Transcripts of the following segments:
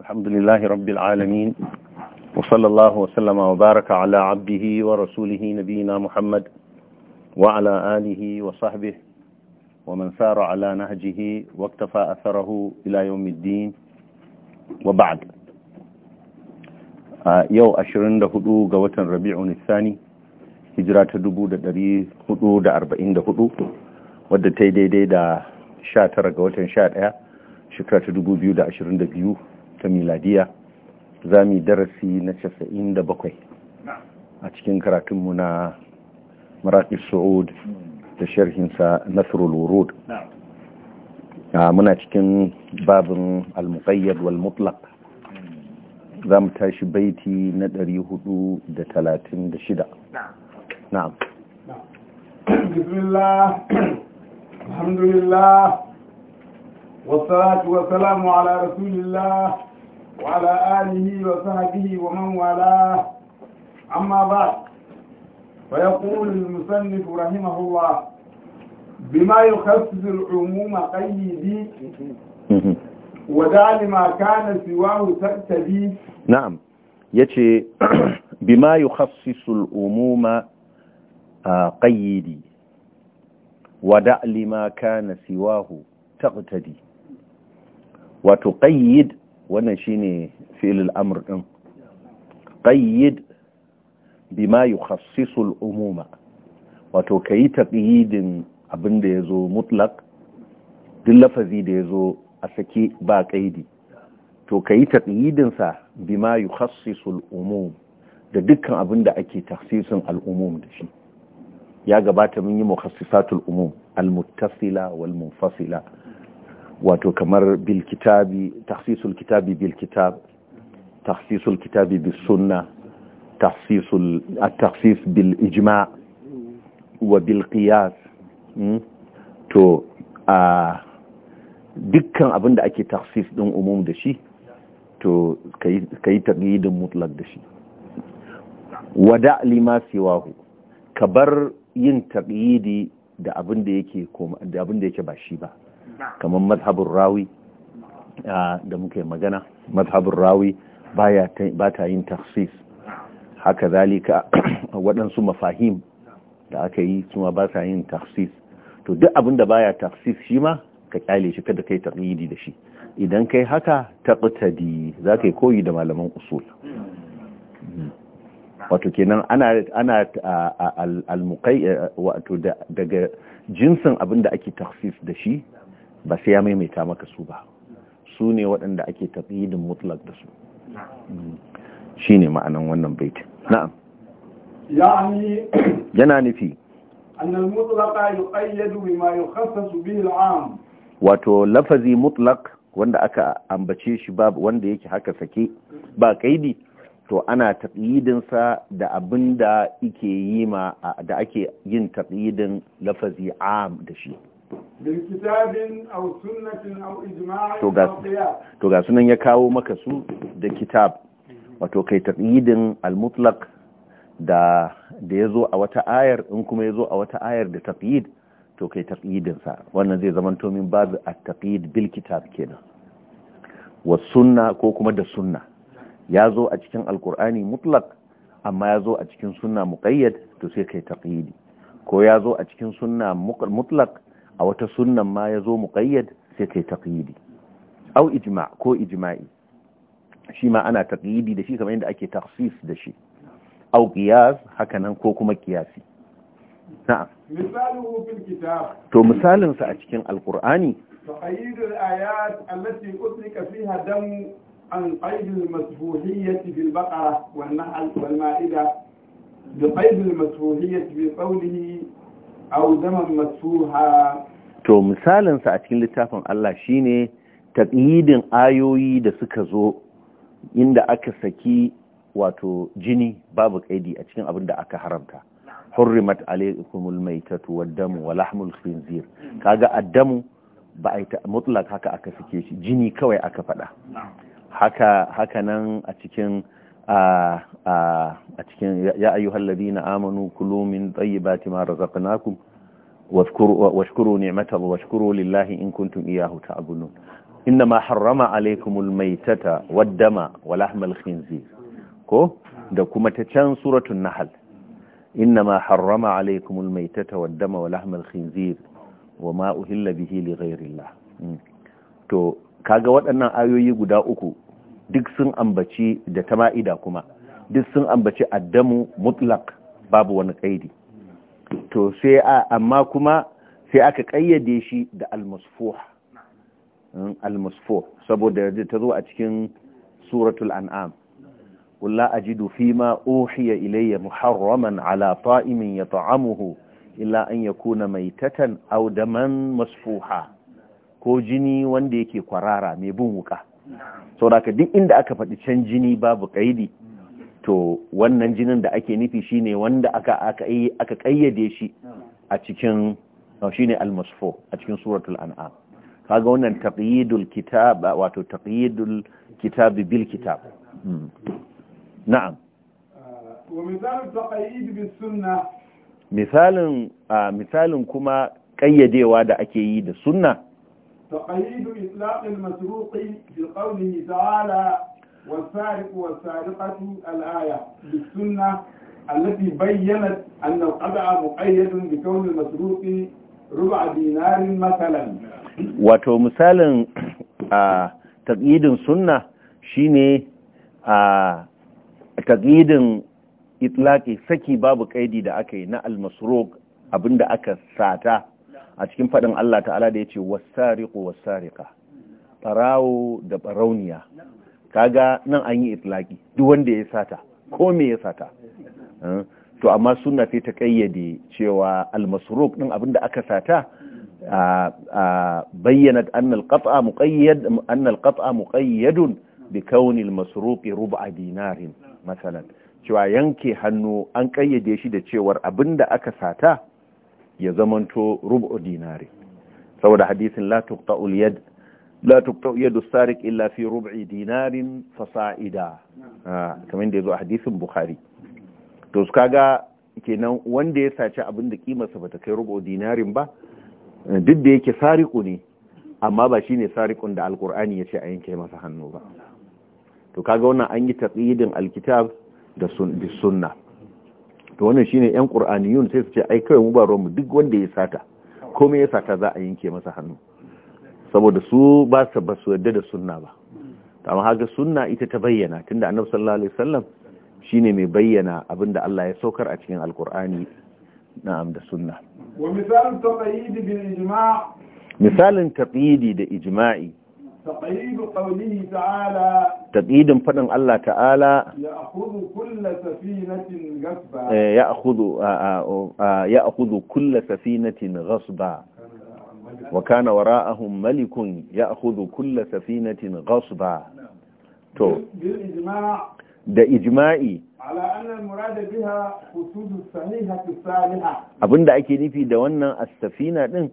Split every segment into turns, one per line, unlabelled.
الحمد لله رب العالمين وصلى الله وسلم وبارك على عبده ورسوله نبينا محمد وعلى آله وصحبه ومن سار على نهجه واكتفى أثره إلى يوم الدين وبعد يو أشرين دهدو قوة ربيع الثاني هجرة دبو دري هدو دا أربعين دهدو ودى تيدي دا شاتر قوة شاتر شكرة دبو بيو دا أشرين دبيو ta miladiya za mu darasi na 97 a cikin karatunmu na maraƙi su'ud da sharhinsa nasrul wurud muna cikin babin al-muqayyad wal mutlaq za mu tashi baiti na 436 na'am
bismillah alhamdulillah والصلاة wasu salamu ala rasulillah وعلى آله وصحبه ومن والاه أما بعد فيقول المصنف رحمه الله بما يخصص العموم قيدي ودع لما كان سواه تقتدي
نعم يتي بما يخصص العموم آه، قيدي ودع لما كان سواه تقتدي وتقيد wannan shine fi'il amr din qayyid bima yukhassisu su umuma wato kayi taqyidin abinda yazo mutlaq duk lafazi da yazo a sake ba kaidi to kayi taqyidin sa bima yukhassisu su umum da dukkan abinda ake taksisin al-umum da shi ya gabata mun yi mukhassisatul umum al-muttasila wal munfasila wato kamar bilkitabi tahsisul kitabi bilkitab tahsisul kitabi sunna tahsisul at-tahsis bil ijma' wa bil qiyas hmm? to a dukkan abin da ake tahsis din umum da shi to kai taqyidin mutlaq da shi wada lima siwahu ka bar yin taqyidi da abin da yake da abin da yake ba shi ba kamar mazhabin rawi da muke magana mazhabin rawi ba ta yin taksis haka zalika waɗansu mafahim da aka yi suma ba ta yin taksis to duk abin da baya taksis shi ma ka kyale shi kada kai taqlidi da shi idan kai haka taqtadi za ka yi koyi da malaman usul hmm. wato kenan ana ana al wato daga jinsin abin da ake taksis da shi ba sai ya maimaita maka su ba su ne waɗanda ake taɓidin mutlak da su shine ma'anan wannan baitin na'am yana nufi
annal bi al'am
wato lafazi mutlak wanda aka ambace shi babu wanda yake haka sake ba kaidi to ana taqyidin sa da abinda yi ma da ake yin taɓidin lafazi am da shi to ga sunan ya kawo maka su da kitab wato kai taqyidin al-mutlaq da da yazo a wata ayar in kuma yazo a wata ayar da taqyid to kai taqyidin sa wannan zai zaman to min babu at taqid bil kitab kenan wa sunna ko kuma da sunna yazo a cikin al-qur'ani mutlaq amma yazo a cikin sunna muqayyad to sai kai taqidi ko yazo a cikin sunna mutlaq a wata sunnan ma ya zo muƙayyad sai ta yi taqyidi au ijma ko ijma'i shi ma ana taqyidi da shi kamar yadda ake taƙsis da shi au qiyas nan ko kuma qiyasi na'am
misaluhu fil kitab
to misalin sa a cikin alqur'ani
taqyid ayat allati utlika fiha dam an qayd al masfuhiyyah bil baqara wan nahl wal ma'ida bi qayd to
misalinsa a cikin littafin Allah shine taƙidin ayoyi da suka zo inda aka saki wato jini babu kaidi a cikin abin da aka haramta hurrimat alaykumul maytatu wad-damu wa lahmul khinzir kaga addamu ba a mutlak haka aka sake shi jini kawai aka faɗa haka haka nan a cikin a cikin ya ayyuhal ladina amanu kulu min tayyibati ma razaqnakum washkuru wa washkuru lillahi in kuntum iyyahu ta'budun ma harrama alaykumul maytata wad wa lahmal khinzir ko da kuma ta can suratul nahl ma harrama alaykumul maytata wad-dama wa lahmal khinzir wama uhilla bihi li ghayrillah to kaga waɗannan ayoyi guda uku duk sun ambaci da ta ma'ida kuma duk sun ambaci addamu mutlak babu wani kaidi to sai amma kuma sai aka kayyade shi da almasfuh hmm, saboda da ta zo a cikin suratul an'am قل لا أجد فيما أوحي إلي محرما على طائم يطعمه إلا أن يكون ميتة أو دما مسفوحا ko jini wanda yake kwarara mai bin wuka sauraka duk inda aka faɗi can jini babu ƙaidi to wannan jinin da ake nufi shi ne wanda aka ƙayyade shi a cikin shine ne almasfo a cikin suratul an'am kaga wannan taƙiyidul kitab wato taƙiyidul kitab bil kitab hmm. na'am ah, misalin kuma ƙayyadewa da ake yi da sunna
فقيد إطلاق المسروق في قوله تعالى والسارق والسارقة الآية بالسنة التي بينت أن القطع مقيد بكون المسروق ربع دينار مثلا
وتو misalin تقييد سنة شيني تقييد إطلاق سكي باب saki babu ƙaidi da aka yi na abinda aka sata a cikin faɗin Allah ta'ala da ya ce wasariƙo wasariƙa farawo da ɓarauniya kaga nan an yi itlaki duk wanda ya sata ko me ya sata eh? to amma suna sai ta kayyade cewa almasruq ɗin abinda aka sata bayyana anna alqat'a muqayyad anna alqat'a muqayyad bi kauni almasruqi rub'a dinarin masalan cewa yanke hannu an kayyade shi da cewar abinda aka sata ya zamanto rubu dinari saboda hadisin la tuqta'ul yad la tuqta'u yadu sariq illa fi rub'i dinarin fasa'ida ah, kamar da yazo a hadisin bukhari to su kaga kenan wanda ya saci abin da kimarsa bata kai rubu dinarin ba duk da yake sariqu ne amma ba shine sariqun da alqur'ani ce a yanke masa hannu ba to kaga wannan an yi taqyidin alkitab da sunna to wannan shine yan qur'aniyun sai su ce ai kawai mu ba mu duk wanda ya sata komai ya sata za a yanke masa hannu saboda su ba su ba su yadda da sunna ba amma haka sunna ita ta bayyana tunda annabi sallallahu alaihi wasallam shine mai bayyana abinda Allah ya saukar a cikin alkur'ani na'am da sunna
wa misalun taqidi bil ijma'
misalin taqidi da ijma'i
تقييد قوله تعالى
تقييد فدن الله تعالى
يأخذ كل سفينة غصبا يأخذ
يأخذ كل سفينة غصبا وكان وراءهم ملك يأخذ كل سفينة غصبا تو
بالإجماع
ده إجماعي abinda ake nufi da wannan as-safina din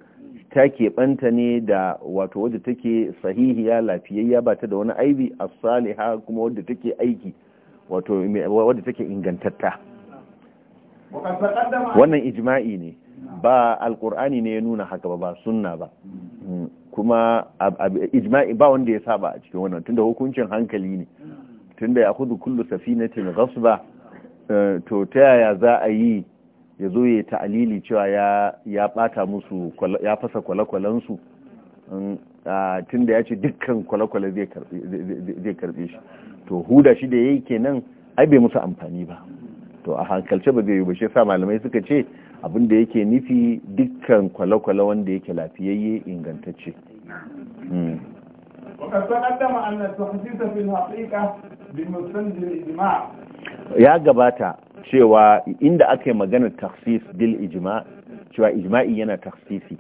ta keɓanta ne da wato wadda take sahihiya lafiyayya ba ta da wani aibi a saliha kuma wadda take aiki wato wadda take ingantatta wannan ijma'i ne ba alkur'ani ne ya nuna haka ba ba sunna ba mm, kuma ijma'i ba wanda ya saba a cikin wannan tunda hukuncin hankali ne tunda ya kudu kullu safinatin ghasba eh, to ta yaya za a yi ya zo ya ta'alili cewa ya bata musu ya fasa kwale-kwalensu tun da ya ce dukkan kwale-kwale zai karbe shi to huda shi da ya yi kenan ai bai musu amfani ba to a hankalce ba zai yi ba shi sa malamai suka ce abin da yake nufi dukkan kwale-kwale wanda yake lafiyayye ingantacce hmm. ya gabata cewa inda aka yi maganar taksis bil ijma cewa ijma'i yana taksisi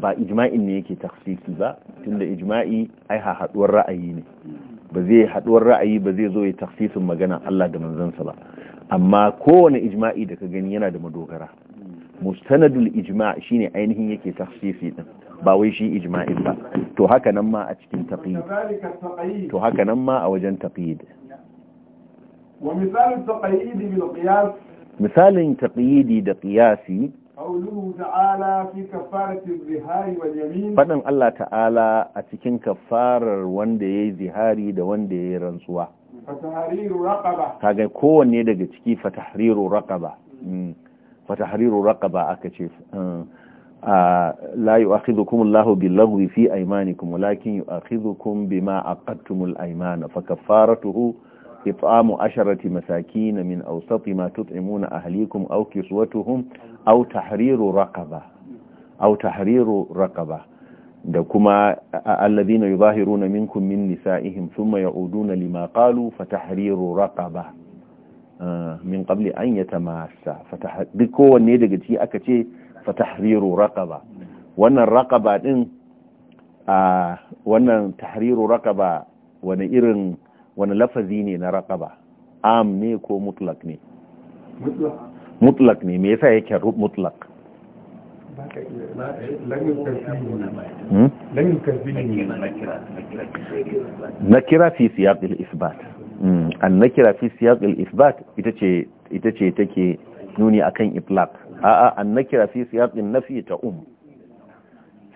ba ijma'in ne yake taksisi ba tunda ijma'i ai haɗuwar ra'ayi ne ba zai haɗuwar ra'ayi ba zai zo ya taksisin magana Allah da manzansa ba amma kowane ijma'i da ka gani yana da madogara mustanadul ijma' shine ainihin yake taksisi din ba wai shi ijma'in ba to haka nan ma a cikin
taqiyid to
haka nan ma a wajen taqiyid
wa misalin taqayyidi bil qiyas
misalin taqayyidi da qiyasi
qawluhu fi kafarati
Allah ta'ala a cikin kafarar wanda yayi zihari da wanda yayi rantsuwa
fatahriru
kaga kowanne daga ciki fatahriru raqaba fatahriru raqaba aka ce la yu'akhidhukum Allahu bil-laghwi fi fa kaffaratuhu إطعام عشرة مساكين من أوسط ma تطعمون أهليكم أو كسوتهم أو تحرير رقبة أو تحرير رقبة da kuma alladhina yuzahiruna minkum min nisa'ihim thumma ya'uduna lima qalu fatahriru raqaba min qabli an yatamassa fatah duk kowanne daga ciki aka ce fatahriru raqaba wannan raqaba din a wannan tahriru raqaba wani irin wani lafazi ne na raqaba am ne ko mutlak ne mutlak ne me yasa yake mutlak kira fi siyaq al-ithbat an nakira fi siyaq al-ithbat hmm. ita ce ita ce take nuni akan itlaq a'a an na nakira fi siyaq an-nafi ta um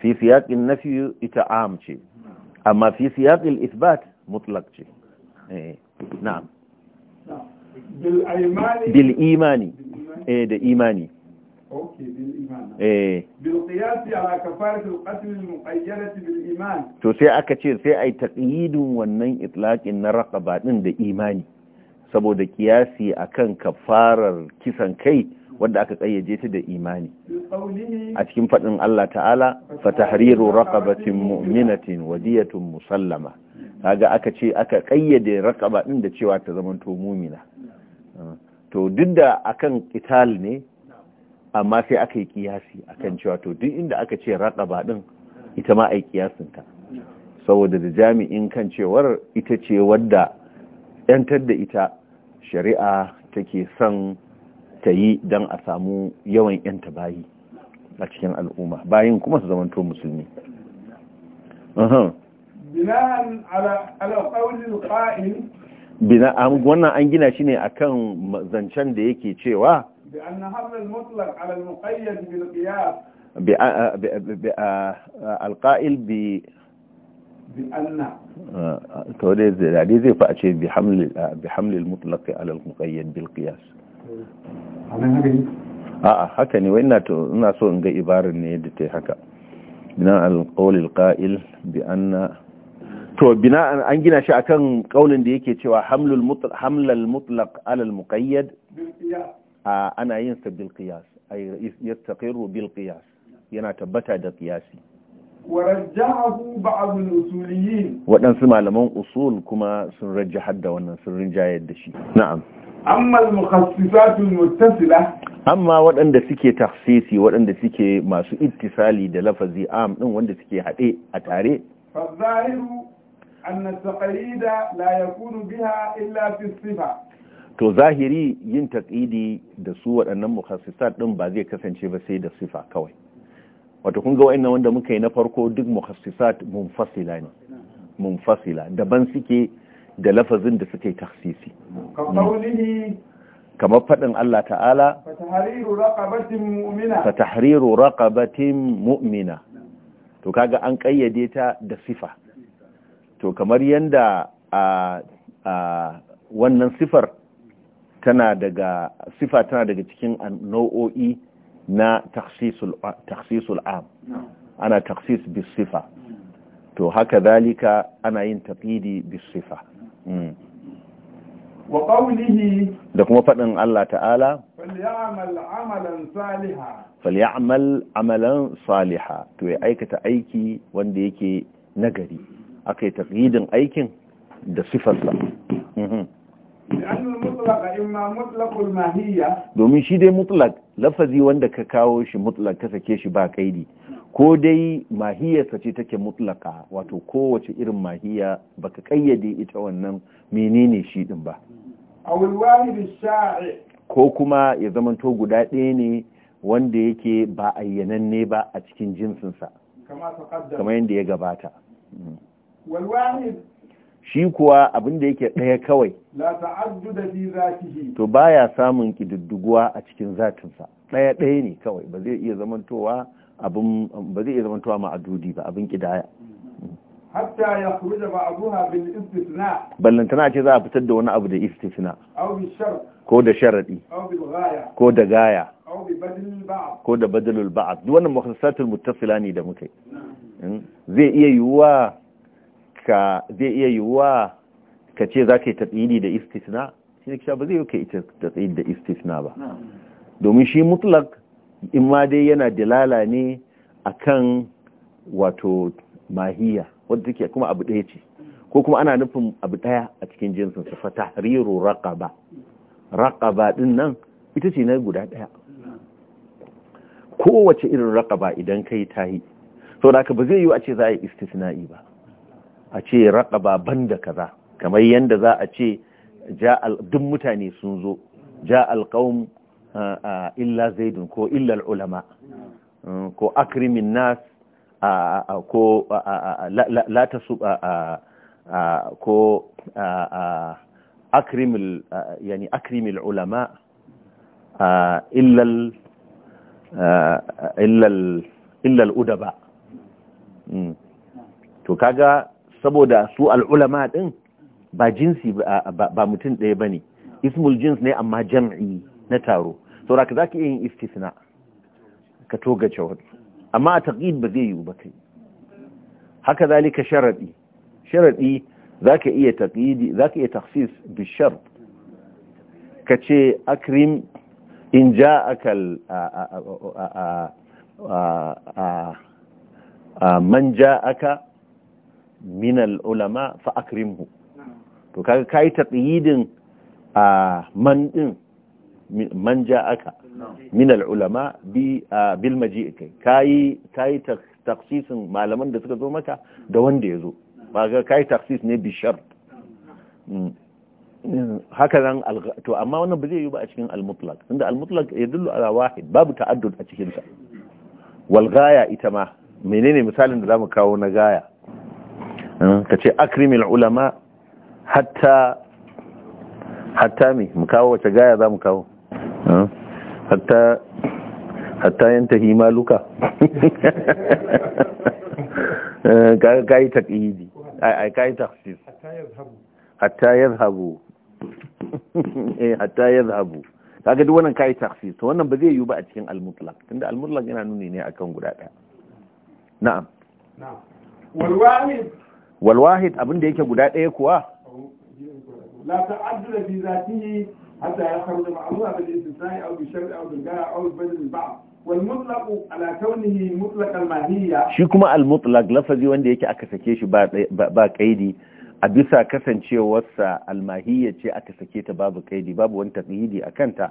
fi siyaq an-nafi ita am ce amma fi siyaq al-ithbat mutlaq ce Eh, na'am bil imani eh da imani eh. to sai aka ce sai a yi taƙidin wannan itlaƙin na raƙaba ɗin da imani saboda kiyasi kan kafarar kisan kai wadda aka ƙayyaje ta da imani a cikin faɗin Allah ta'ala fatahriru raqabatin mu'minatin wadiyatun musallama kaga aka ce aka kayyade raqaba din da cewa ta zamanto mumina to duk da akan qital ne amma sai aka yi kiyasi akan cewa to duk inda aka ce raqaba din ita ma ai kiyasin ta saboda da jami'in kan cewar ita ce wadda yantar da ita shari'a take son ta yi don a samu yawan yanta bayi a cikin al'umma bayin kuma su zamanto musulmi
bina'an ala
wannan an gina shi ne kan zancen da yake cewa
bi anna hadha al-mutlaq ala al-muqayyad bil qiyas
bi al-qa'il bi بأن توريز يعني زي فأشي بحمل بحمل المطلق على المقيد بالقياس ne هكا ني وإنا ناسو نجا إبارة نيدتي to bina an gina shi akan kaulin da yake cewa hamlul mutlaq hamlal mutlaq ala al muqayyad ana yin sa bil qiyas ay yastaqiru bil qiyas yana tabbata da qiyasi
warajjahu ba'd al usuliyin
wadansu malaman usul kuma sun rajjaha da wannan sun rinjayar da shi na'am
amma al mukhassisat al muttasila
amma waɗanda suke tafsisi wadanda suke masu ittisali da lafazi am din wanda suke haɗe a tare
أن التقييد لا يكون بها إلا في الصفة
to zahiri yin taƙidi da su waɗannan mukhassisat ɗin ba zai kasance ba sai da sifa kawai wato kun ga wa'annan wanda muka yi na farko duk mukhassisat munfasila ne munfasila daban suke da lafazin da suke taksisi kamar faɗin Allah ta'ala tahriru raqabatin mu'mina to kaga an ƙayyade ta da sifa to kamar yadda a wannan sifar tana daga sifa tana daga cikin nau'o'i na taksisul am ana taksis bis sifa to haka zalika ana yin taqidi bis sifa hmm.
wa qawlihi
da kuma fadin Allah ta'ala
falyamal amalan saliha
falyamal amalan saliha to ya aikata aiki wanda yake nagari aka yi aikin da sifarsa mhm. domin shi dai mutlak lafazi wanda ka kawo shi mutlak ka sake shi ba kaidi ko dai mahiyarsa ce take mutlaka wato kowace irin mahiya baka kayyade ita wannan menene shi din ba ko kuma ya zamanto guda ɗaya ne wanda yake ba ayyanan ne ba a cikin jinsinsa kamar yadda ya gabata mhm. shi kuwa abin da yake ɗaya kawai to baya samun ƙididduguwa a cikin zatinsa ɗaya ɗaya ne kawai ba zai iya zamantowa abin ba zai iya zamantowa ma'adudi ba abin ƙidaya
hatta ya kuruja ba abuha bil istisna
ballantana ce za a fitar da wani abu da istisna ko da sharadi ko da gaya ko da badalul ba'd duk wannan mukhassatul muttasila ne da muka hmm? zai iya yiwuwa ka zai iya yiwuwa ka ce za ka yi tatsini da istisna shi ne kisha ba zai yi ka yi tatsini da istisna ba domin shi mutlak in ma dai yana dalala ne a kan wato mahiya wadda take kuma abu ɗaya ce ko kuma ana nufin abu ɗaya a cikin jinsin su fata riro raƙaba raƙaba ɗin nan ita ce na guda ɗaya kowace irin raƙaba idan kai ta yi sau da ka ba zai yi a ce za a yi istisna'i ba a ce ba ban da kaza kamar yadda za a ce duk mutane sun zo ja alƙawun illa zaidun ko illa ulama mm, ko akrimin nas ko lata su ko ulama illal illal illal udaba mm. to kaga saboda su al'ulama ɗin ba jinsi ba mutum ɗaya ba ne ismul jins ne amma jam'i na taro saura ka za ka yin istisna ka toga cewar amma a taƙid ba zai yiwu ba kai haka zalika sharaɗi sharaɗi za ka iya taƙidi za ka iya taƙsis bishar ka ce akrim in ja akal a aka minal ulama fa akrimhu to kaga kai taqyidin a man din man ja'aka minal ulama bi bil maji'i kai kai taksisin malaman da suka zo maka da wanda ya zo ba kai taksis ne bi shart mm. haka nan to amma wannan ba zai yi ba a cikin al-mutlaq inda al-mutlaq yadullu ala wahid babu ta'addud a cikin sa wal ghaya ita ma menene misalin da zamu kawo na gaya Hmm? ka ce akrimil ulama hatta hatta mi mu kawo wace gaya za mu kawo hmm? hatta hatta yanta hima luka yi taƙidi ai ka yi taƙsis hatta ya zhabu hatta ya zhabu eh, kaga duk wannan kayi taƙsis to wannan ba zai yiwu ba a cikin al-mutlaq tunda al-mutlaq yana nuni ne akan guda daya na'am na'am wal walwahid wal abin da yake guda ɗaya kuwa
la al mahiyya shi kuma
al mutlaq lafazi wanda yake aka sake shi ba kaidi a bisa kasancewarsa almahiyya ce aka sake ta babu kaidi babu wani taqyidi a kanta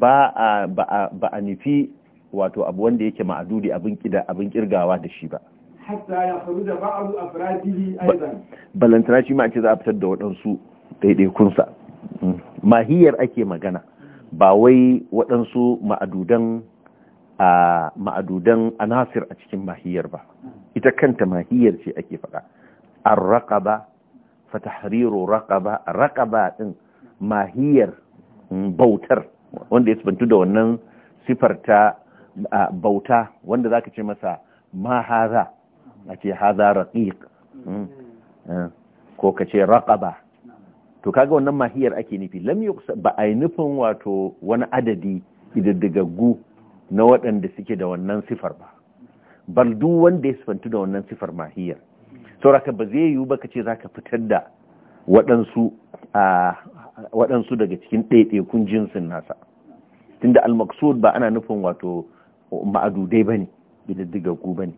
ba a ba a nufi wato abu wanda yake ma'adudi abin kida abin kirgawa da shi ba
hatta ya faru da ba'adu a firajili aizan
balantana shi ma ce za a fitar da waɗansu ɗaiɗaikunsa mm. mahiyar ake magana ba wai waɗansu ma'adudan a ma'adudan anasir a cikin mahiyar ba ita kanta mahiyar ce ake faɗa an raƙa ba, raƙa ba ɗin mahiyar mm, bautar wanda ya sifantu da wannan sifarta ta bauta wanda za ka ce masa mahaza a ce haza raƙiƙ, hmm, eh, ko ka ce raƙaba. to kaga wannan mahiyar ake nufi lam ba yi nufin wato wani adadi ididdigaggu na waɗanda suke da wannan sifar ba bal duk wanda ya sifantu da wannan sifar mahiyar sauraka ba zai yiwu ba ka ce za ka fitar da waɗansu daga cikin ɗaiɗaikun jinsin nasa tunda al-maqsud ba ana nufin wato ma'adudai bane ididdigaggu ne.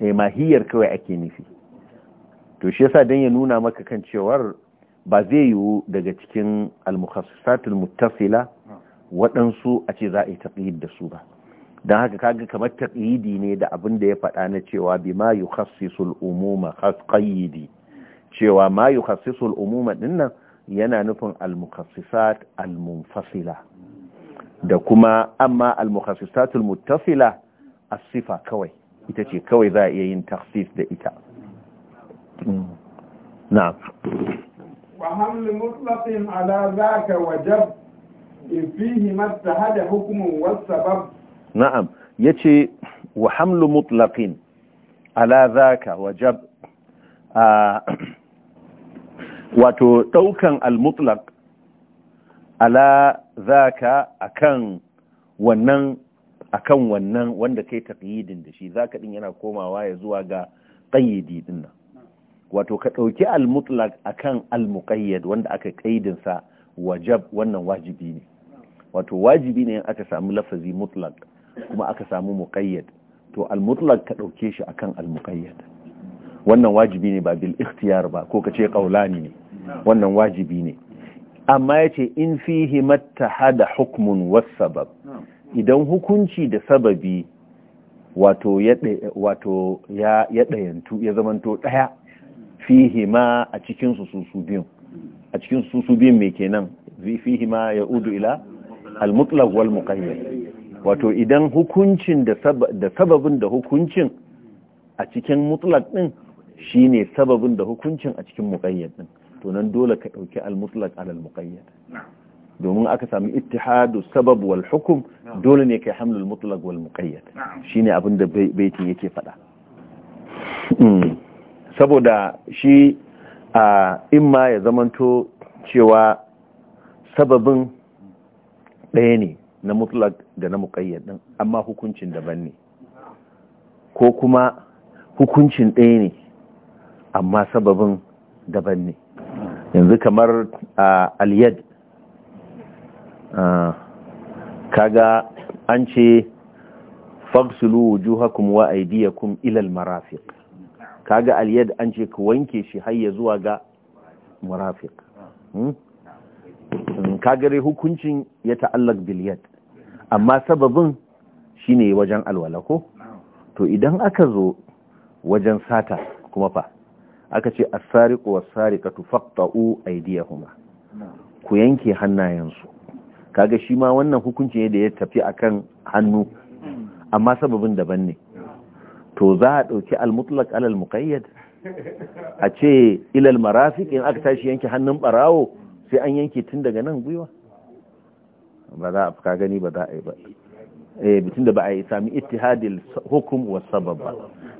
eh mahiyar kawai ake nufi to shi yasa dan ya nuna maka kan cewar ba zai yiwu daga cikin al-mukhassasatul muttasila waɗansu a ce za a yi taqyid da su ba dan haka kaga kamar taqyidi ne da abin da ya faɗa na cewa bima yukhassisul umuma khasqayidi cewa ma yukhassisul umuma dinnan yana nufin al-mukhassisat da kuma amma al-mukhassasatul muttasila as-sifa kawai ita ce kawai za a iya yin taksif da ita na
wa hamlin mutlafin ala za ka wajab ifihi mata hada hukumin wasa ba
na'am ya ce wa hamlin mutlafin ala za ka wajab a wato daukan almutlak ala za ka a kan wannan akan wannan wanda kai taqyidin da shi zaka din yana komawa ya zuwa ga qayyidi din wato ka dauki al-mutlaq akan al-muqayyad wanda aka kaidin sa wajab wannan wajibi ne wato wajibi ne in aka samu lafazi mutlaq kuma aka samu muqayyad to al-mutlaq ka dauke shi akan al-muqayyad wannan wajibi ne ba bil ikhtiyar ba ko kace qaulani ne wannan wajibi ne amma yace in fihi mattahada hukmun was sabab idan hukunci da sababi wato ya ɗayantu ya zamanto ɗaya fihi ma a cikinsu su biyun a cikin su biyun mai kenan fihi ma ya udu ila al wal muqayyad wato idan hukuncin da sababin da hukuncin a cikin mutlaq din shine sababin da hukuncin a cikin muqayyad din to nan dole ka dauki al alal ala al domin aka samu ittihadu sabab wal hukum dole ne kai hamlul mutlaq wal muqayyad shine abin da baitin yake fada hmm. saboda shi a imma ya zamanto cewa sababin ɗaya ne na mutlaq da na muqayyad din amma hukuncin daban ne ko kuma hukuncin ɗaya ne amma sababin daban ne yanzu kamar aliyad Ah, kaga an ce fagsulu wujuhakum wa aydiyakum ila marafiq kaga aliyad an ce ku wanke shi har ya zuwa ga marafiq re hmm? hmm, hukuncin ya ta'allak yad amma sababin shine wajen alwala ko to idan aka zo wajen sata kuma fa aka ce as-sariqu was-sariqatu faqta'u aydiyahuma ku yanke hannayensu kaga shi ma wannan hukunci ne da ya tafi akan hannu amma sababin daban ne to za a ɗauki almutlak alal muqayyad a ce ilal marafiq in aka tashi yanke hannun barawo sai an yanke tun daga nan gwiwa ba za a ka gani ba za a yi ba eh bitin da ba a yi sami ittihadil hukum wa sabab ba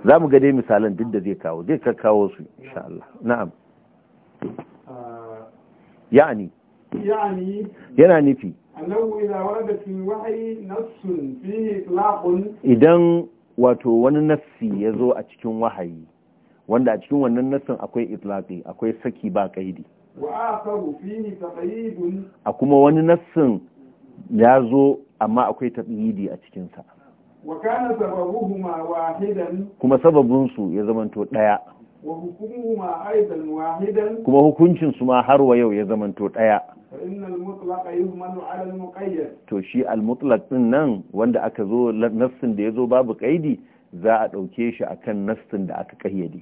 za mu ga dai misalan duk da zai kawo zai ka kawo su insha Allah na'am ah. ya'ani yana nufi idan wato wani nassi ya zo a cikin wahayi wanda a cikin wannan nassin akwai itlaqi akwai saki ba kaidi a kuma wani nassin ya zo amma akwai taqyidi a cikinsa kuma sababinsu ya zamanto ɗaya kuma hukuncinsu ma har wa yau ya zamanto ɗaya to shi almutlak din nan wanda aka zo nassin da ya zo babu kaidi za a ɗauke shi a kan nassin da aka ƙayyade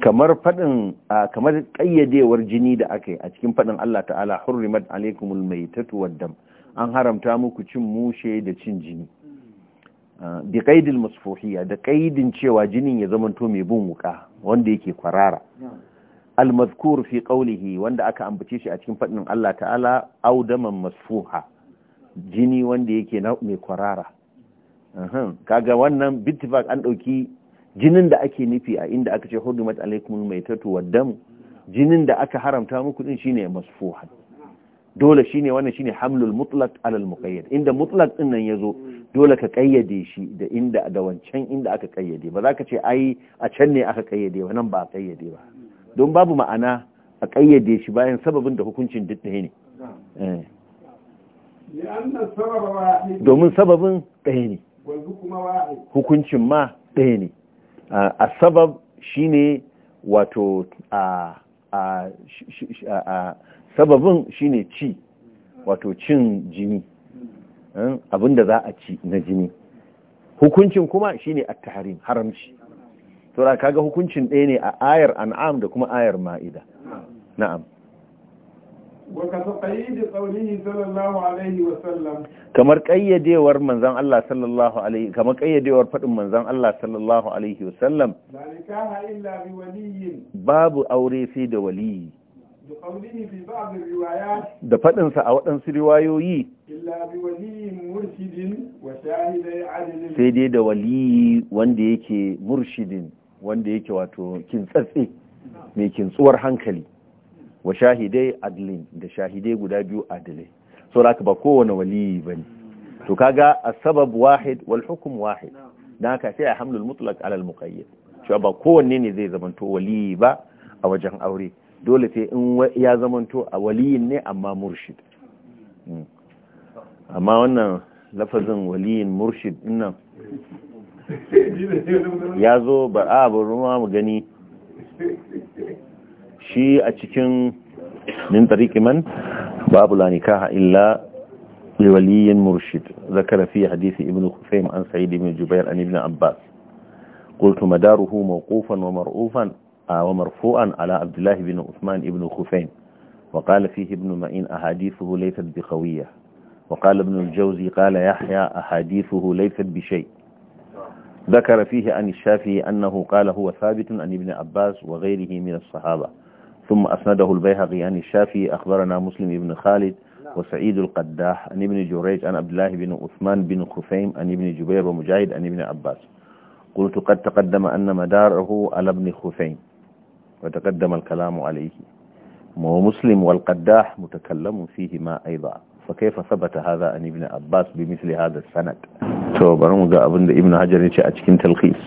kamar faɗin kamar ƙayyadewar jini da aka yi a cikin faɗin Allah ta'ala hurrimat alaikumul maitatu waddam an haramta muku cin mushe da cin jini bi qaidil masfuhiyya da qaidin cewa jinin ya zamanto mai bin wuka wanda yake kwarara al mazkur fi qawlihi wanda aka ambace shi a cikin fadin Allah ta'ala audaman daman masfuha jini wanda yake na mai kwarara kaga wannan bitifak an ɗauki jinin da ake nufi a inda aka ce hudumat mai maitatu damu jinin da aka haramta muku din shine masfuhan dole shine wannan shine hamlul mutlaq alal muqayyad inda mutlaq din nan yazo dole ka kayyade shi da inda da wancan inda aka kayyade ba za ka ce ai a can ne aka kayyade ba nan ba a kayyade ba don babu ma'ana a kayyade shi bayan sababin da hukuncin duk ɗaya ne eh. domin sababin ɗaya ne hukuncin ma ɗaya ne a sabab shi ne wato a sababin shi ne ci wato cin jini Hmm? abin da za a ci na jini hukuncin kuma shine a tahrim haramci tura kaga hukuncin ɗaya ne a ayar an'am da kuma ayar ma'ida na'am kamar ƙayyadewar manzan Allah sallallahu alaihi kamar ƙayyadewar faɗin manzan Allah sallallahu alaihi wasallam babu aure sai da waliyi da faɗinsa a waɗansu riwayoyi sai dai da waliyi wanda yake murshidin wanda yake wato kintsatse mai kintsuwar hankali wa shahidai adlin da shahidai guda biyu adalai so da aka ba kowane waliyi ba ne to kaga a sabab wahid wal hukum wahid na haka sai a hamlul mutlaq alal muqayyad cewa ba kowanne ne zai zamanto waliyi ba a wajen aure dole sai in ya zamanto a waliyin ne amma murshid hmm. amma wannan lafazin waliyin murshid nan ya zo ba a ruwa mu gani shi a cikin min tarikiman babu lanika illa waliyin murshid zakara fi hadisi ibn kufayim an sa'idi min jubair an ibn abbas madaruhu مداره wa mar'ufan ومرفوعا على عبد الله بن عثمان بن خفين وقال فيه ابن معين أحاديثه ليست بقوية وقال ابن الجوزي قال يحيى أحاديثه ليست بشيء ذكر فيه عن الشافعي أنه قال هو ثابت عن ابن عباس وغيره من الصحابة ثم أسنده البيهقي عن الشافعي أخبرنا مسلم بن خالد وسعيد القداح عن ابن جريج عن عبد الله بن عثمان بن خفيم عن ابن جبير ومجاهد عن ابن عباس قلت قد تقدم أن مداره على ابن خفيم وتقدم الكلام عليه ومسلم والقداح متكلم فيهما أيضا فكيف ثبت هذا عن ابن عباس بمثل هذا السند تو برمجا ابن ابن حجر يجي اتكين تلخيص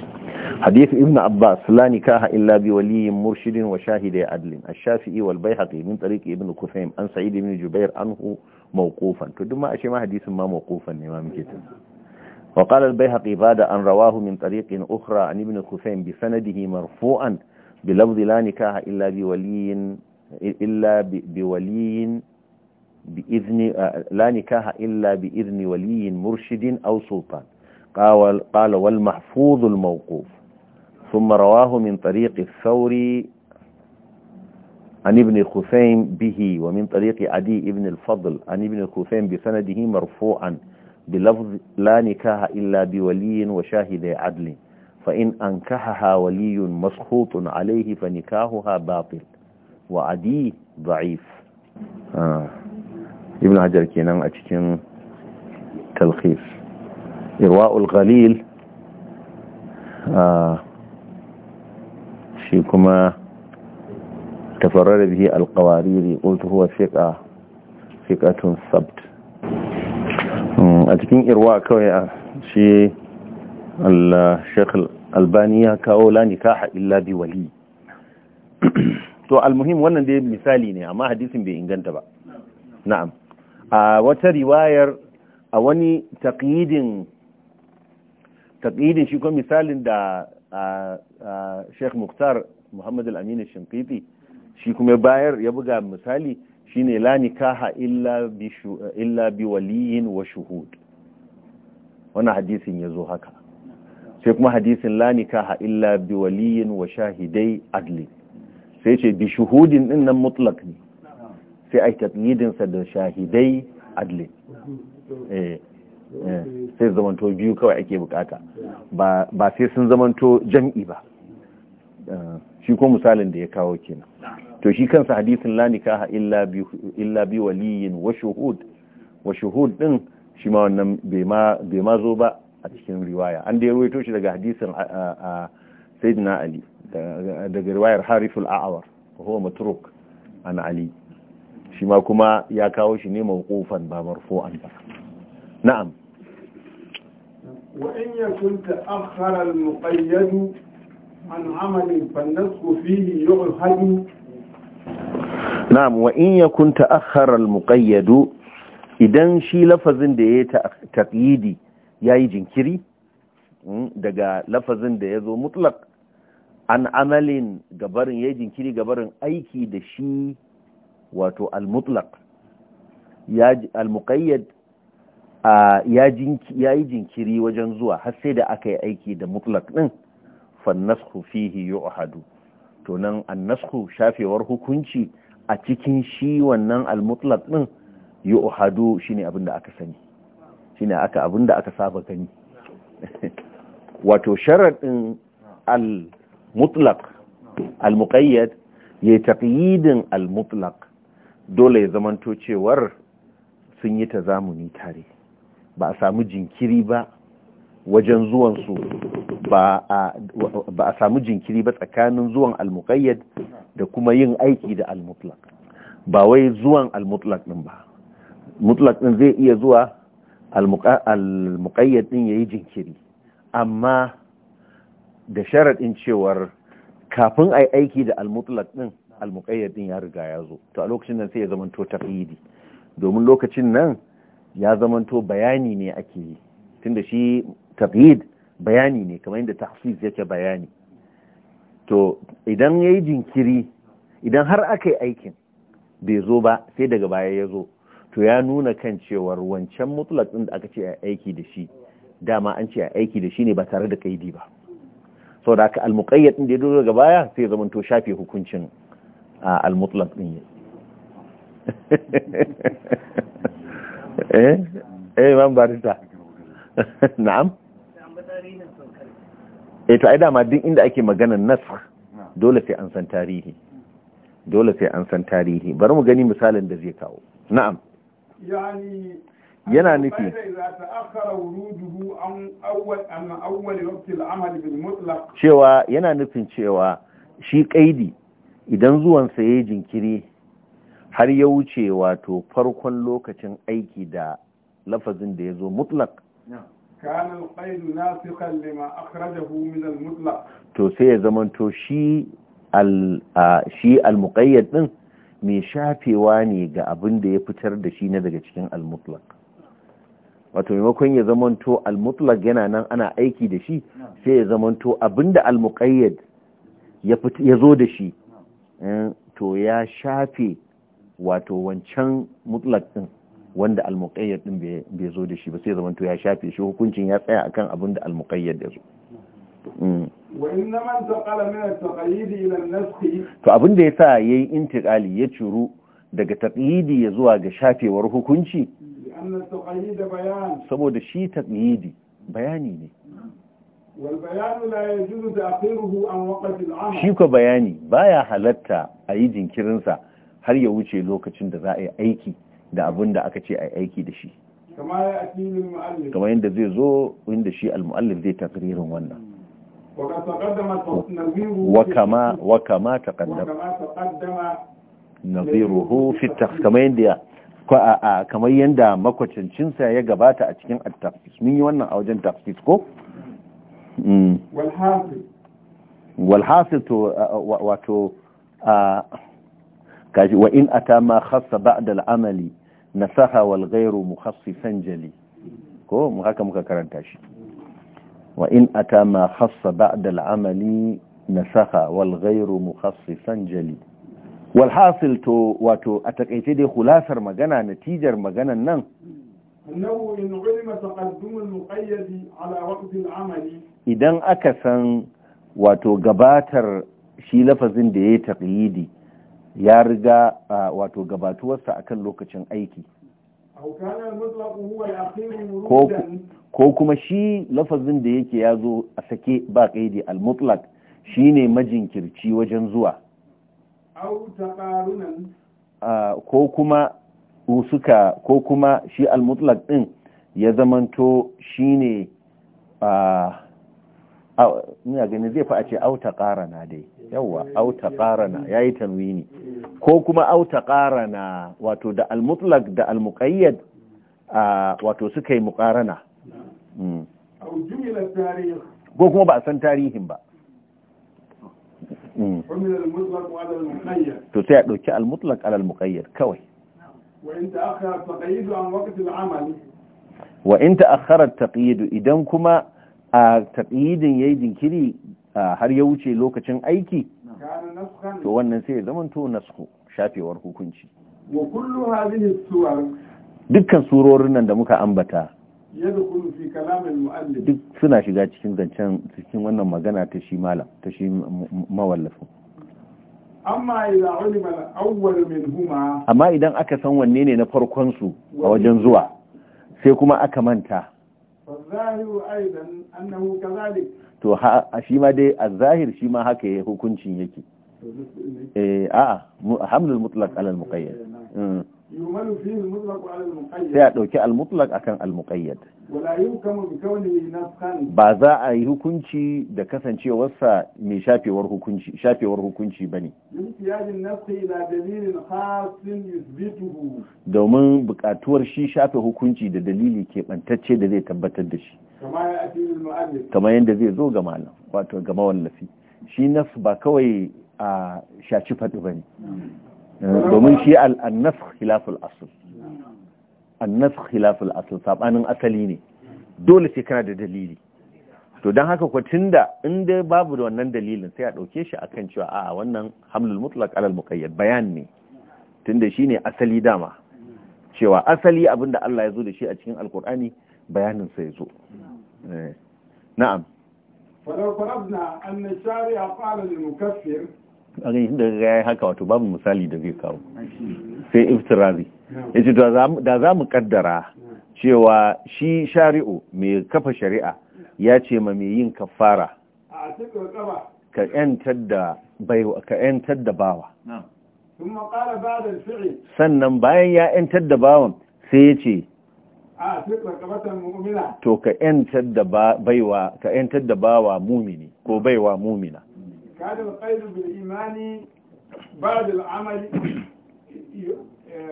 حديث ابن عباس لا نكاح إلا بولي مرشد وشاهد عدل الشافعي والبيهقي من طريق ابن كثيم عن سعيد بن جبير عنه موقوفا تدما ما أشي ما حديث ما موقوفا إمام كتب وقال البيهقي بعد أن رواه من طريق أخرى عن ابن كثيم بسنده مرفوعا بلفظ لا نكاح إلا بولي إلا بولي بإذن لا نكاح إلا بإذن ولي مرشد أو سلطان قال, قال والمحفوظ الموقوف ثم رواه من طريق الثوري عن ابن خثيم به ومن طريق عدي ابن الفضل عن ابن خثيم بسنده مرفوعا بلفظ لا نكاح إلا بولي وشاهد عدل فإن أنكحها ولي مسخوط عليه فنكاهها باطل وعدي ضعيف آه. ابن حجر كينام أتكين تلخيف إرواء الغليل شيكما تفرر به القوارير قلت هو ثقة ثقة ثبت أتكين إرواء كوي شي shekul albani ya kawo lani kaha illa bi wali to almuhim wannan dai misali ne amma hadisin bai inganta ba na'am a wata riwayar a wani taqidin taqidin shi kuma misalin da Sheikh Muktar Muhammad Al-Amin Shinkiti shi kuma bayar ya buga misali shine la nikaha illa bi waliyin wa shuhud wani hadisin zo haka sai kuma hadisin la ha illa bi waliyin wa shahidai adli sai ce bi shuhudin din nan mutlaq ne sai ai tatlidin sa da shahidai adli eh, eh sai zamanto biyu kawai ake bukata ba sai sun zamanto jam'i ba eh, shi ko misalin da ya kawo kenan to shi kansa hadisin la ha illa bi illa bi waliyin wa shuhud wa shuhud din shi ma wannan bai ma zo ba a cikin riwaya an da ya ruwaito shi daga hadisin sayyidina ali daga riwayar hariful a'awar huwa matruk an ali shi ma kuma ya kawo shi ne mawqufan ba marfu'an ba na'am
wa in yakun ta'akhkhara al-muqayyad an 'amalin fannasu fihi yu'hadu
na'am wa in yakun ta'akhkhara al-muqayyad idan shi lafazin da ya taqyidi ya yi jinkiri mm, daga lafazin da ya zo mutlak an amalin gabarin ya yi jinkiri gabarin aiki da shi wato al-mutlak al-muqayyad ya yi jinkiri wajen zuwa har sai da aka yi aiki da mutlak ɗin fannasku fihi yu'hadu to nan annasku shafewar hukunci a cikin shi wannan al-mutlak ɗin yi shi ne abin da aka sani shine aka abinda aka saba gani wato sharadin al-mutlaq al-muqayyad ya taqyidin al-mutlaq dole ya zamanto cewar sun yi ta zamuni tare ba a samu jinkiri ba wajen zuwansu ba a samu jinkiri ba tsakanin zuwan al-muqayyad da kuma yin aiki da al-mutlaq ba wai zuwan al-mutlaq din ba mutlaq din zai iya zuwa al-muqayyad din yayi jinkiri amma da sharadin cewar kafin ai aiki da al-mutlaq din al-muqayyad din ya riga ya zo to a lokacin nan sai ya zamanto taqyidi domin lokacin nan ya zamanto bayani ne ake yi tunda shi taqyid bayani ne kamar yadda tahsis yake bayani to idan yayi jinkiri idan har aka yi aikin bai zo ba sai daga baya ya zo to ya nuna kan cewar wancan mutlak ɗin da aka ce a aiki da shi dama an ce a aiki da shi ne ba tare da kaidi ba sau da aka almuƙayyar ɗin da ya dole ga baya sai zama to shafe hukuncin a almutlak ɗin ya eh eh man barista na'am eh to ai dama duk inda ake maganar nasa dole sai an san tarihi dole sai an san tarihi bari mu gani misalin da zai kawo na'am yana nufi cewa yana nufin cewa shi kaidi idan zuwansa ya jinkiri har ya wuce wato farkon lokacin aiki da lafazin da ya zo mutlak to sai ya zamanto shi al-muqayyad din mai shafewa ne ga abin da ya fitar da shi na daga cikin al wato maimakon ya zamanto al yana nan ana aiki da shi sai ya zamanto abinda al-muqayyad ya zo da shi eh, to ya shafe wato wancan mutlak din wanda al din bai zo da shi ba sai ya zamanto ya shafe shi hukuncin ya tsaya akan abinda al-muqayyad ya zo hmm.
to
abin da ya sa ya yi intikali ya curu daga taƙidi ya zuwa ga shafewar hukunci saboda shi taƙidi bayani ne shi ka bayani baya halatta a yi jinkirinsa har ya wuce lokacin da za a yi aiki da abin da aka ce a yi aiki da shi kamar yadda zai zo inda shi al-mu'allif zai takririn wannan
وكما
وكما تقدم نظيره في التخصيص كما يندي كما يندى مكوچنچن sa ya gabata a cikin at mun yi wannan a wajen tafsir ko wal to wato wa in ata ma khassa ba'da al-amali nasaha wal ghayru mukhassisan jali ko mu haka muka karanta shi وإن أتى ما خص بعد العمل نسخ والغير مخصصا جلي والحاصل تو واتو أتكيتي دي خلاصة مغانا نتيجة مغانا نن
أنه إن علم تقدم المقيد على وقت العمل
إذن أكسا واتو قباتر شي لفظ دي تقييدي يارجا واتو قباتو وسا أكل gabatuwarsa akan lokacin ko kuma shi lafazin da yake ya zo a sake ba kaidi al-mutlaq shine majinkirci wajen zuwa ko kuma usuka ko kuma shi al-mutlaq din ya zamanto shine a ina gani zai fi a ce auta ƙarana dai yawa auta ƙarana ya yi tanwini ko kuma auta ƙarana wato da almutlak da almukayyad wato suka yi muƙarana hmm. ko kuma ba a san tarihin ba hmm. to sai a ɗauki almutlak almukayyad kawai wa in ta akharar taƙiyidu idan kuma a taƙidin ya yi jinkiri har ya wuce lokacin aiki to wannan sai ya zama to nasku shafewar hukunci dukkan surorin nan da muka ambata duk suna shiga cikin zancen cikin wannan magana ta shi malam ta shi mawallafin amma idan aka san wanne ne na su a wajen zuwa sai kuma aka manta
to ha أنه كذلك
shi ma dai a zahir shi ma haka ya hukuncin yake eh a'a hamlul mutlaq alal muqayyad eh,
sai a
ɗauki almutlak akan almuƙayyad ba za a yi hukunci da kasancewarsa mai shafewar hukunci ba ne domin buƙatuwar shi shafe hukunci da dalili keɓantacce da zai tabbatar da shi kamar yadda zai zo ga malam wato ga mawallafi shi nas ba kawai a shaci faɗi ba ne domin shi al khilaful asl annas khilaful asl sabanin asali ne dole sai kana da dalili to don haka ko tunda in dai babu da wannan dalilin sai a dauke shi akan cewa a wannan hamlul mutlaq alal muqayyad bayan ne tunda shine asali dama cewa asali abinda Allah ya zo da shi a cikin alkur'ani bayanin sa ya zo eh. na'am
law farabna anna shari'a qala lil mukaffir
haka wato babu misali da zai kawo sai iftirazi ya ce da za mu kaddara cewa shi shari'u mai kafa shari'a ya ce ma mai yin kafara ka ‘yantar da bawa sannan bayan ya ‘yantar da bawan sai ya ce to ka ‘yantar da bawa mumini ko baiwa mumina
كان القيد بالإيمان بعد العمل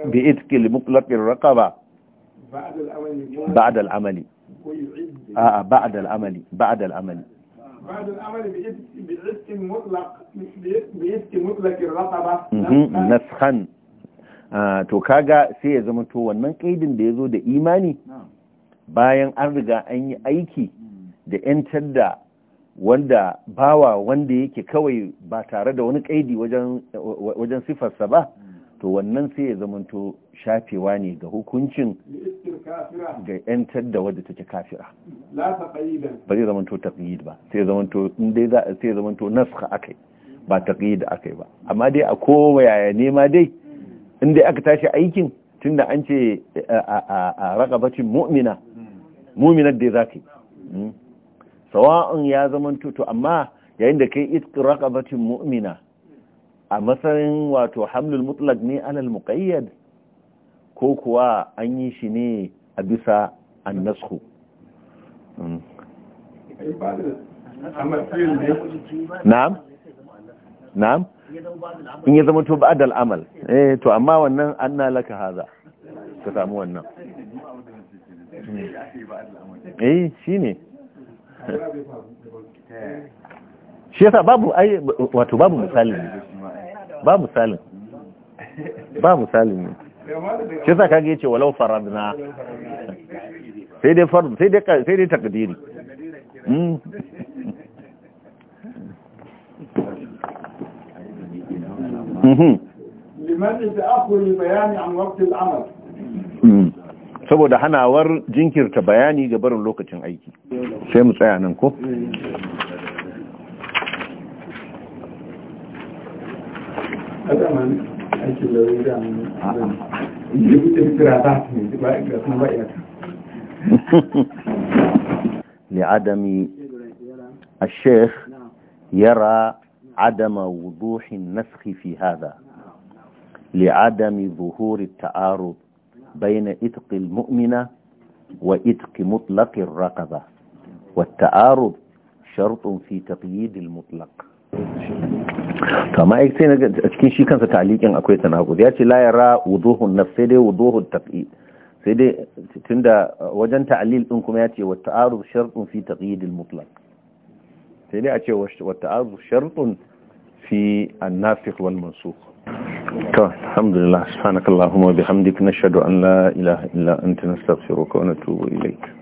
بإذك
لمطلق الرقبة
بعد العمل
بعد العمل آه بعد العمل بعد العمل
بعد العمل بإذك مطلق بإذك مطلق الرقبة
نسخا to kaga sai ya zama to wannan kaidin da ya zo da imani bayan an riga an yi aiki da 'yantar da wanda bawa wanda yake kawai ba tare da wani kaidi wajen sifarsa ba to wannan sai ya zamanto shafewa ne ga hukuncin ga yantar da wadda take kafira ba zai zamanto taqyid ba sai zamanto indai za sai zamanto naskha akai ba taqyid akai ba amma dai a kowa yaya ne ma dai indai aka tashi aikin tunda an ce a raqabatin mu'mina mu'minat dai zaka yi hmm? sawa'un ya zama to amma yayin da kai iqraqabatin mu'mina a matsayin wato hamlul mutlaq ne alal muqayyad ko kuwa an yi shi ne a bisa annasku hmm. na'am na'am in ya zama to ba'dal amal eh to amma wannan anna laka haza ka samu wannan hmm. eh shine shi yasa babu ai wato babu misali Babu misalin babu misalin ne
shi yasa kage yace walau
faradna sai dai farad sai dai sai dai takdiri
liman ta'akhuri bayani an waqt al
saboda hanawar jinkirta bayani ga barin lokacin aiki sai mu tsaya لعدم الشيخ يرى عدم وضوح النسخ في هذا لعدم ظهور التعارض بين إتق المؤمنة وإتق مطلق الرقبة والتعارض شرط في تقييد المطلق kama sai na cikin shi kansa ta'alikin akwai tanaqud yace la yara wuduhun nafs sai dai wuduhun taqyid sai dai tunda wajen ta'lil din kuma yace wa ta'arud shartun fi taqyid al mutlaq sai dai a ce wa ta'arud shartun fi an nafi wal mansukh to alhamdulillah subhanakallahumma wa bihamdika nashhadu an la ilaha illa anta nastaghfiruka wa natubu ilayk